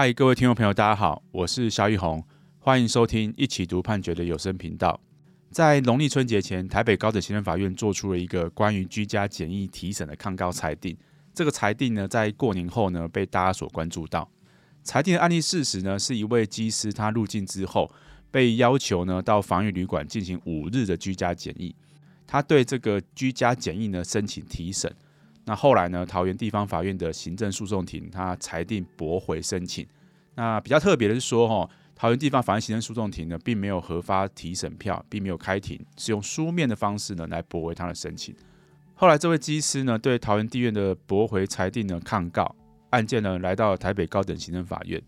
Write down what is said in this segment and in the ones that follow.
嗨，各位聽眾朋友，大家好，我是蕭奕宏，歡迎收聽一起讀判決的有聲頻道。在農曆春節前，台北高等行政法院做出了一個關於居家檢疫提審的抗告裁定，這個裁定呢，在過年後呢，被大家所關注到。裁定的案例事實呢，是一位機師，他入境之後被要求呢，到防疫旅館進行五日的居家檢疫。他對這個居家檢疫呢，申請提審。那後來呢，桃園地方法院的行政訴訟庭，他裁定駁回申請。那比較特別的是說、哦，桃園地方法院行政訴訟庭呢，並沒有核發提審票，並沒有開庭，是用書面的方式呢來駁回他的申請。後來，這位機師呢，對桃園地院的駁回裁定呢，抗告，案件呢來到台北高等行政法院。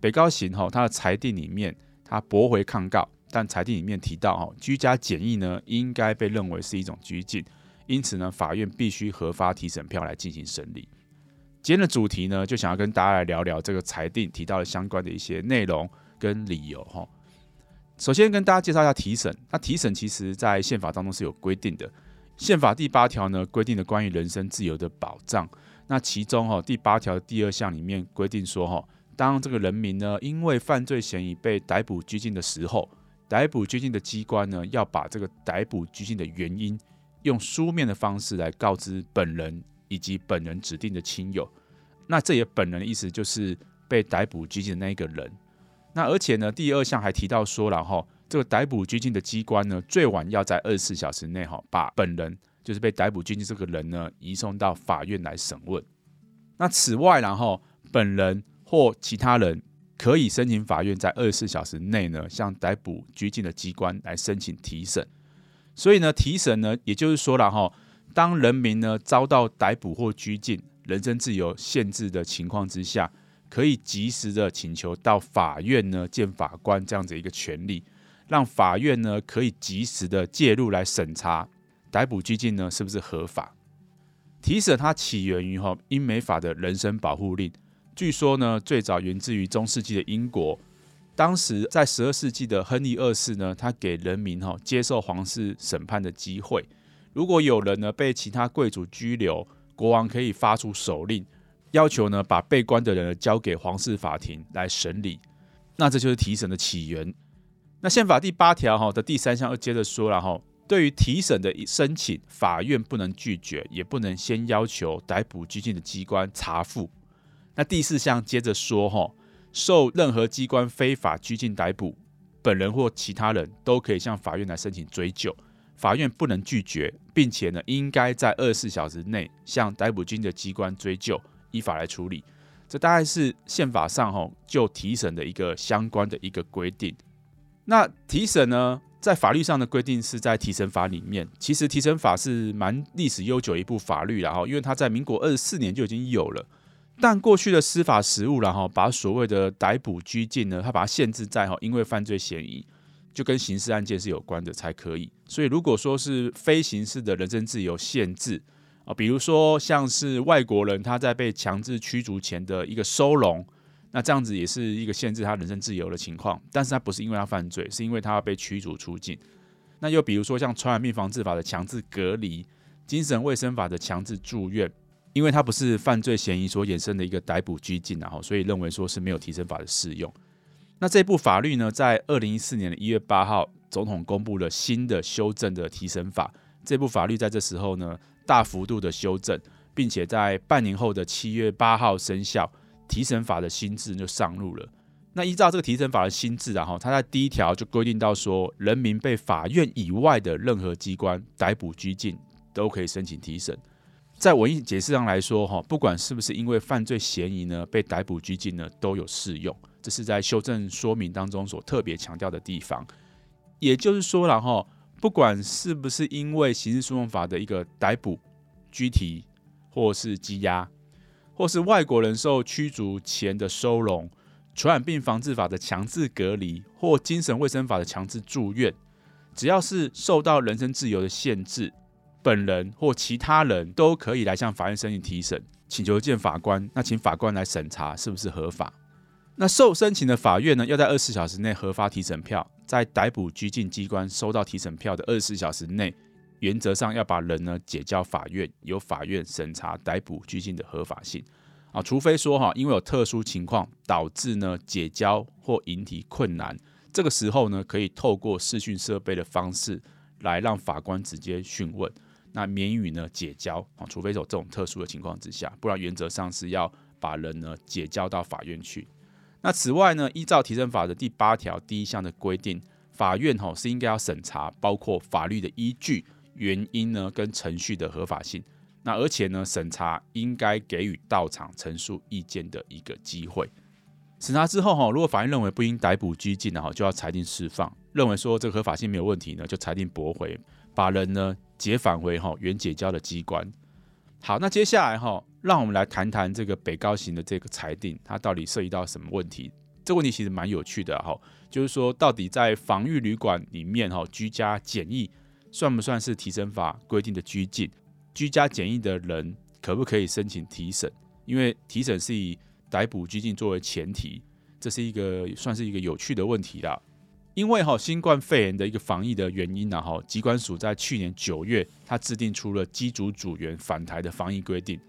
北高行哈，他的裁定裡面，他駁回抗告，但裁定裡面提到，哈，居家檢疫呢，應該被認為是一種拘禁。因此呢，法院必須核發提審票來進行審理。今天的主題呢，就想要跟大家來聊聊這個裁定提到了相關的一些內容跟理由哈。首先跟大家介紹一下提審。那提審其實在憲法當中是有規定的。憲法第八條呢，規定的關於人身自由的保障。那其中哈，第八條第二項裡面規定說哈，當這個人民呢，因為犯罪嫌疑被逮捕拘禁的時候，逮捕拘禁的機關呢，要把這個逮捕拘禁的原因。用書面的方式來告知本人以及本人指定的親友，那這也本人的意思就是被逮捕拘禁的那一個人。那而且呢，第二項還提到說，然後這個逮捕拘禁的機關呢，最晚要在二十四小時內哈，把本人就是被逮捕拘禁這個人呢，移送到法院來審問。那此外，然後本人或其他人可以申請法院在二十四小時內呢，向逮捕拘禁的機關來申請提審。所以呢，提審呢，也就是說了哈，當人民呢遭到逮捕或拘禁，人身自由限制的情況之下，可以及時的請求到法院呢見法官這樣子一個權利，讓法院呢可以及時的介入來審查逮捕拘禁呢是不是合法。提審它起源於哈英美法的人身保護令，據說呢最早源自於中世紀的英國。當時在十二世紀的亨利二世呢，他給人民哈、哦、接受皇室審判的機會。如果有人呢被其他貴族拘留，國王可以發出手令，要求呢把被關的人交給皇室法庭來審理。那這就是提審的起源。那憲法第八條哈的第三項又接着說了哈，對於提審的申請，法院不能拒絕，也不能先要求逮捕拘禁的機關查復。那第四項接着說哈。受任何機關非法拘禁、逮捕，本人或其他人都可以向法院來申請追究，法院不能拒絕，並且呢，應該在二十四小時內向逮捕軍的機關追究，依法來處理。這大概是憲法上吼就提審的一個相關的一個規定。那提審呢，在法律上的規定是在提審法裡面。其實提審法是蠻歷史悠久一部法律啦，吼，因為它在民國二十四年就已經有了。但過去的司法實務然後，把所謂的逮捕拘禁呢，他把它限制在哈，因為犯罪嫌疑就跟刑事案件是有關的才可以。所以如果說是非刑事的人身自由限制啊，比如說像是外國人他在被強制驅逐前的一個收容，那這樣子也是一個限制他人身自由的情況。但是他不是因為他犯罪，是因為他要被驅逐出境。那又比如說像傳染病防治法的強制隔離、精神衛生法的強制住院。因為它不是犯罪嫌疑所衍生的一個逮捕拘禁，然後所以認為說是沒有提審法的適用。那這部法律呢，在二零一四年的一月八號，總統公布了新的修正的提審法。這部法律在這時候呢，大幅度的修正，並且在半年後的七月八號生效，提審法的新制就上路了。那依照這個提審法的新制，然後它在第一條就規定到說，人民被法院以外的任何機關逮捕拘禁，都可以申請提審。在文義解釋上來說，哈，不管是不是因為犯罪嫌疑呢被逮捕拘禁呢，都有適用。這是在修正說明當中所特別強調的地方。也就是說，然後不管是不是因為刑事訴訟法的一個逮捕、拘提，或是羈押，或是外國人受驅逐前的收容，傳染病防治法的強制隔離，或精神衛生法的強制住院，只要是受到人身自由的限制。本人或其他人都可以來向法院申請提審，請求見法官。那請法官來審查是不是合法。那受申請的法院呢，要在二十四小時內核發提審票。在逮捕拘禁機關收到提審票的二十四小時內，原則上要把人呢解交法院，由法院審查逮捕拘禁的合法性啊。除非說哈，因為有特殊情況導致呢解交或引提困難，這個時候呢，可以透過視訊設備的方式來讓法官直接訊問。那免予呢解交啊，除非有這種特殊的情況之下，不然原則上是要把人呢解交到法院去。那此外呢，依照提審法的第八條第一項的規定，法院哈是應該要審查包括法律的依據、原因呢跟程序的合法性。那而且呢，審查應該給予到場陳述意見的一個機會。審查之後哈，如果法院認為不應逮捕拘禁的哈，就要裁定釋放；認為說這個合法性沒有問題呢，就裁定駁回。把人呢解返回、哦、原解交的機關。好，那接下來、哦、讓我們來談談這個北高行的這個裁定，它到底涉及到什麼問題？這個問題其實蠻有趣的哈、啊，就是說到底在防疫旅館裡面、哦、居家檢疫算不算是提審法規定的拘禁？居家檢疫的人可不可以申請提審？因為提審是以逮捕拘禁作為前提，這是一個算是一個有趣的問題的。因為哈新冠肺炎的一個防疫的原因呢、啊，哈，疾管署在去年九月，他制定出了機組組員返台的防疫規定。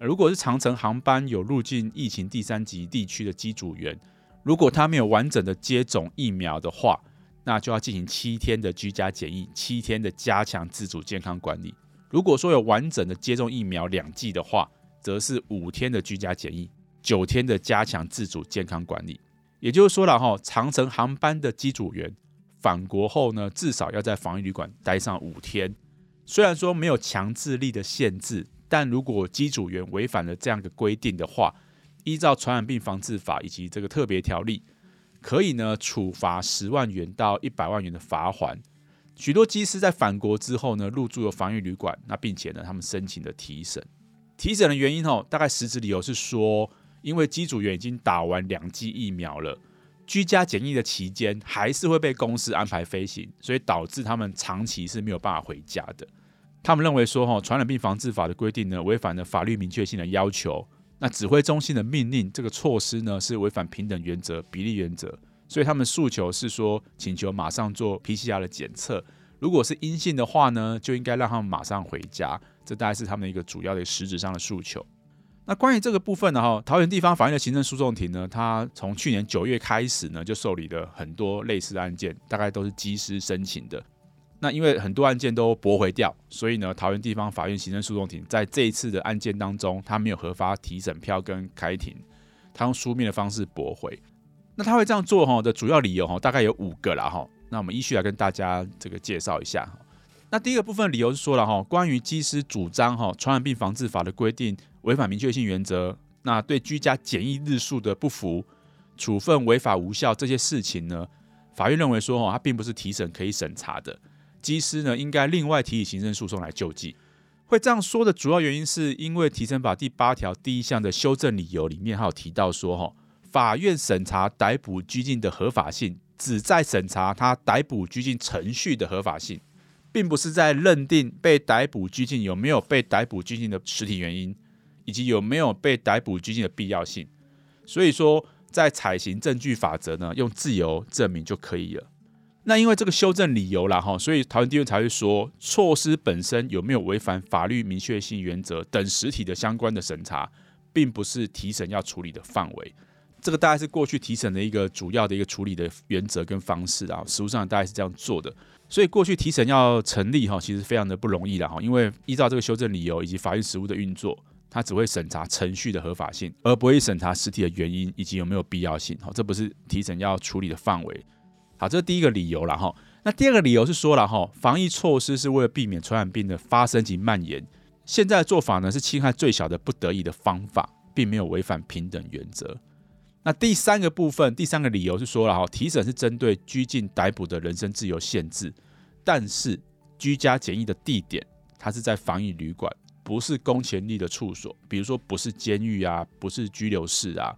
如果是長程航班有入境疫情第三級地區的機組員，如果他沒有完整的接種疫苗的話，那就要進行七天的居家檢疫，七天的加強自主健康管理。如果說有完整的接種疫苗兩劑的話，則是五天的居家檢疫，九天的加強自主健康管理。也就是說了哈，長程航班的機組員返國後呢，至少要在防疫旅館待上五天。雖然說沒有強制力的限制，但如果機組員違反了這樣一個規定的話，依照傳染病防治法以及這個特別條例，可以呢處罰十萬元到一百萬元的罰款。許多機師在返國之後呢，入住了防疫旅館，那並且呢，他們申請了提審。提審的原因哦，大概實質理由是說。因為機組員已經打完兩劑疫苗了，居家檢疫的期間還是會被公司安排飛行，所以導致他們長期是沒有辦法回家的。他們認為說，哈，傳染病防治法的規定呢，違反了法律明確性的要求。那指揮中心的命令，這個措施呢，是違反平等原則、比例原則。所以他們訴求是說，請求馬上做 PCR 的檢測。如果是陰性的話呢，就應該讓他們馬上回家。這大概是他們一個主要的實質上的訴求。那關於這個部分呢，哈，桃園地方法院的行政訴訟庭呢，他從去年九月開始呢，就受理了很多類似的案件，大概都是機師申請的。那因為很多案件都駁回掉，所以呢，桃園地方法院行政訴訟庭在這一次的案件當中，他沒有核發提審票跟開庭，他用書面的方式駁回。那他會這樣做哈的主要理由哈，大概有五個啦哈。那我們依序來跟大家這個介紹一下。那第一個部分理由是說了哈，關於機師主張哈《傳染病防治法》的規定違反明確性原則，那對居家檢疫日數的不服處分違法無效這些事情呢，法院認為說哈，它並不是提審可以審查的，機師呢應該另外提起行政訴訟來救濟。會這樣說的主要原因是因為提審法第八條第一項的修正理由裡面還有提到說哈，法院審查逮捕拘禁的合法性，只在審查他逮捕拘禁程序的合法性，並不是在認定被逮捕拘禁有沒有被逮捕拘禁的實體原因，以及有沒有被逮捕拘禁的必要性，所以說在採行證據法則呢，用自由證明就可以了。那因為這個修正理由啦，所以桃園地院才會說，措施本身有沒有違反法律明確性原則等實體的相關的審查，並不是提審要處理的範圍。這個大概是過去提審的一個主要的一個處理的原則跟方式啊，實務上大概是這樣做的。所以過去提審要成立哈，其實非常的不容易哈，因為依照這個修正理由以及法律實務的運作，它只會審查程序的合法性，而不會審查實體的原因以及有沒有必要性。好，這不是提審要處理的範圍。好，這是第一個理由了哈。那第二個理由是說了哈，防疫措施是為了避免傳染病的發生及蔓延，現在的做法呢是侵害最小的不得已的方法，並沒有違反平等原則。那第三個部分，第三個理由是說了哈，提審是針對拘禁、逮捕的人身自由限制，但是居家檢疫的地點，它是在防疫旅館，不是公權力的處所，比如說不是監獄啊，不是拘留室啊。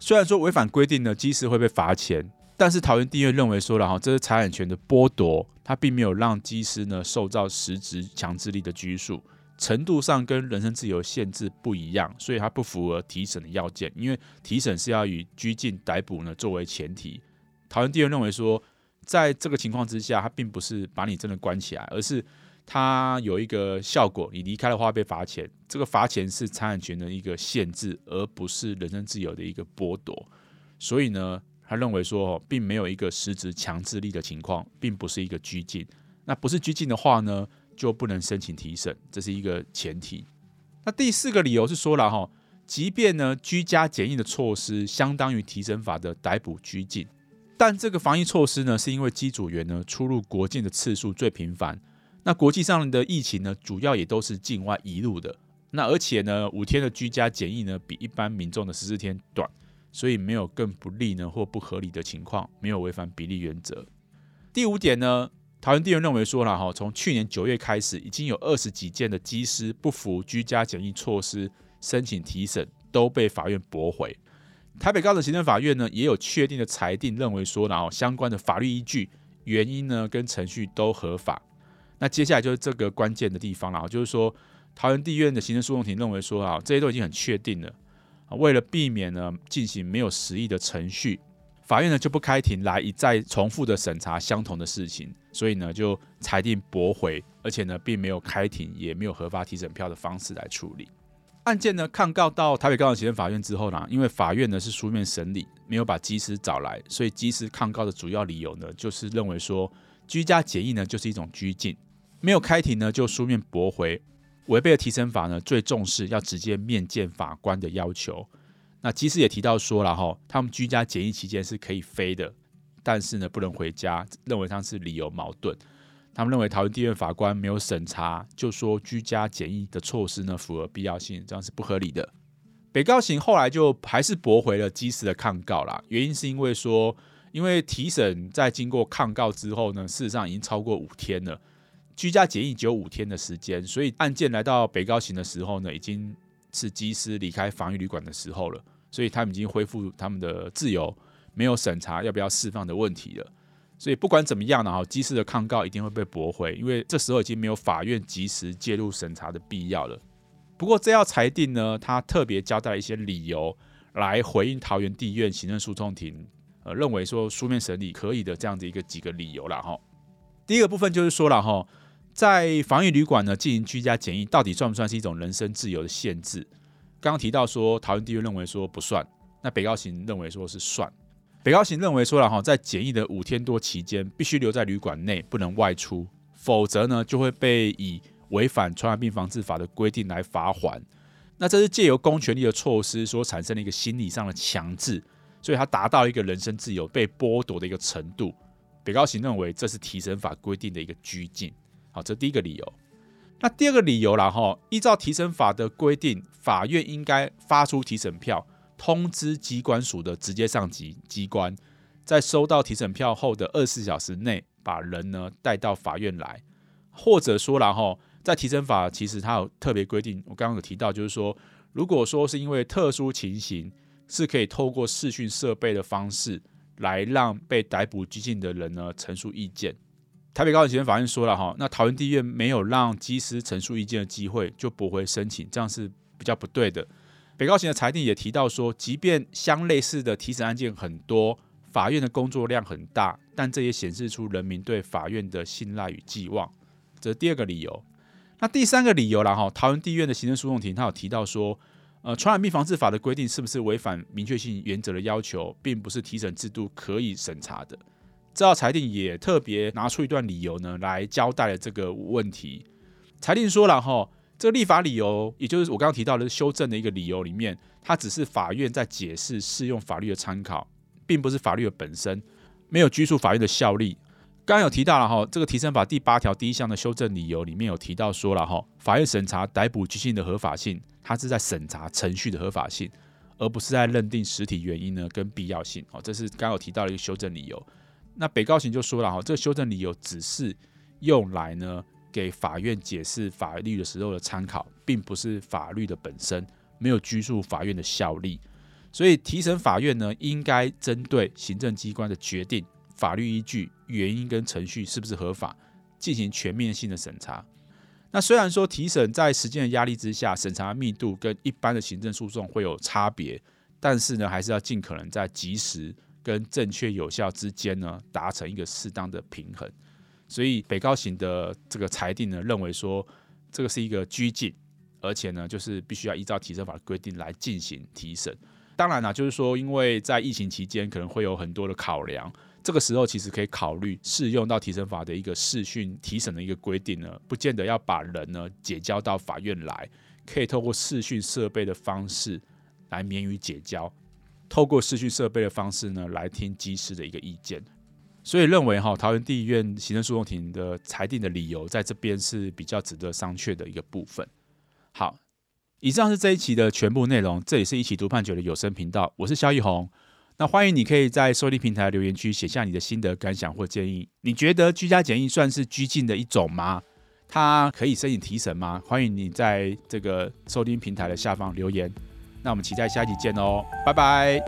雖然說違反規定呢，機師會被罰錢，但是桃園地院認為說了哈，這是財產權的剝奪，它並沒有讓機師呢受到實質強制力的拘束。程度上跟人身自由限制不一樣，所以它不符合提審的要件，因為提審是要以拘禁、逮捕呢作為前提。桃園地院認為說，在這個情況之下，它並不是把你真的關起來，而是它有一個效果，你離開的話被罰錢，這個罰錢是財產權的一個限制，而不是人身自由的一個剝奪。所以呢，他認為說，並沒有一個實質強制力的情況，並不是一個拘禁。那不是拘禁的話呢，就不能申請提審，這是一個前提。那第四個理由是說了吼，即便呢居家檢疫的措施相當於提審法的逮捕拘禁，但這個防疫措施呢是因為機組員呢出入國境的次數最頻繁，那國際上的疫情呢主要也都是境外移入的，那而且呢五天的居家檢疫呢比一般民眾的十四天短，所以沒有更不利呢或不合理的情況，沒有違反比例原則。第五點呢？桃園地院認為說了哈，從去年九月開始，已經有二十幾件的機師不服居家檢疫措施申請提審，都被法院駁回。台北高等行政法院呢，也有確定的裁定，認為說，然後相關的法律依據、原因呢，跟程序都合法。那接下來就是這個關鍵的地方了，就是說，桃園地院的行政訴訟庭認為說，啊，這些都已經很確定了，為了避免呢，進行沒有實益的程序。法院呢就不開庭來一再重複的審查相同的事情，所以呢就裁定駁回，而且呢並沒有開庭，也沒有合法提審票的方式來處理案件呢。抗告到台北高等行政法院之後呢，因為法院呢是書面審理，沒有把機師找來，所以機師抗告的主要理由呢就是認為說居家檢疫呢就是一種拘禁，沒有開庭呢就書面駁回，違背了提審法呢最重視要直接面見法官的要求。那機師也提到說了哈，他們居家檢疫期間是可以飛的，但是呢不能回家，認為這是理由矛盾。他們認為桃園地院法官沒有審查，就說居家檢疫的措施呢符合必要性，這樣是不合理的。北高行後來就還是駁回了機師的抗告啦，原因是因為說，因為提審在經過抗告之後呢，事實上已經超過五天了，居家檢疫只有五天的時間，所以案件來到北高行的時候呢，已經。是機師離開防疫旅館的時候了，所以他們已經恢復他們的自由，沒有審查要不要釋放的問題了。所以不管怎麼樣呢，哈，機師的抗告一定會被駁回，因為這時候已經沒有法院及時介入審查的必要了。不過這要裁定呢，他特別交代一些理由來回應桃園地院行政訴訟庭，呃，認為說書面審理可以的這樣的一個幾個理由了哈。第一個部分就是說了哈。在防疫旅館呢進行居家檢疫，到底算不算是一種人身自由的限制？剛剛提到說，桃園地院認為說不算，那北高行認為說是算。北高行認為說了哈，在檢疫的五天多期間，必須留在旅館內，不能外出，否則呢就會被以違反傳染病防治法的規定來罰款。那這是借由公權力的措施所產生的一個心理上的強制，所以它達到一個人身自由被剝奪的一個程度。北高行認為這是提審法規定的一個拘禁。好，這第一個理由。那第二個理由啦，哈，依照提審法的規定，法院應該發出提審票，通知機關署的直接上級機關，在收到提審票後的二十四小時內，把人呢帶到法院來。或者說然哈，在提審法其實它有特別規定，我剛剛有提到，就是說，如果說是因為特殊情形，是可以透過視訊設備的方式來讓被逮捕拘禁的人呢陳述意見。台北高等行法院說了哈，那桃園地院沒有讓基斯陳述意見的機會，就駁回申請，這樣是比較不對的。北高庭的裁定也提到說，即便相類似的提審案件很多，法院的工作量很大，但這也顯示出人民對法院的信賴與寄望。這是第二個理由。那第三個理由啦哈，桃園地院的行政訴訟庭他有提到說，呃，傳染病防治法的規定是不是違反明確性原則的要求，並不是提審制度可以審查的。這道裁定也特別拿出一段理由呢，來交代了這個問題。裁定說了哈，這個立法理由，也就是我剛剛提到的修正的一個理由裡面，它只是法院在解釋適用法律的參考，並不是法律的本身，沒有拘束法院的效力。剛剛有提到了哈，這個提審法第八條第一項的修正理由裡面有提到說了哈，法院審查逮捕拘禁的合法性，它是在審查程序的合法性，而不是在認定實體原因呢跟必要性。哦，這是剛剛有提到的一個修正理由。那北高行就說了哈，這個修正理由只是用來呢給法院解釋法律的時候的參考，並不是法律的本身，沒有拘束法院的效力。所以提審法院呢，應該針對行政機關的決定，法律依據、原因跟程序是不是合法，進行全面性的審查。那雖然說提審在時間的壓力之下，審查密度跟一般的行政訴訟會有差別，但是呢，還是要盡可能在及時跟正確有效之間呢，達成一個適當的平衡，所以北高行的這個裁定呢，認為說這個是一個拘禁，而且呢，就是必須要依照提審法的規定來進行提審。當然啦、啊，就是說因為在疫情期間可能會有很多的考量，這個時候其實可以考慮適用到提審法的一個視訊提審的一個規定呢，不見得要把人呢解交到法院來，可以透過視訊設備的方式來免於解交。透過失去設備的方式呢，來聽機師的一個意見，所以認為哈，桃園地院行政訴訟庭的裁定的理由，在這邊是比較值得商榷的一個部分。好，以上是這一期的全部內容，這裡是一起讀判決的有聲頻道，我是蕭奕宏。那歡迎你可以在收聽平台留言區寫下你的心得、感想或建議。你覺得居家檢疫算是拘禁的一種嗎？它可以申請提審嗎？歡迎你在這個收聽平台的下方留言。那我們期待下一集見哦，拜拜。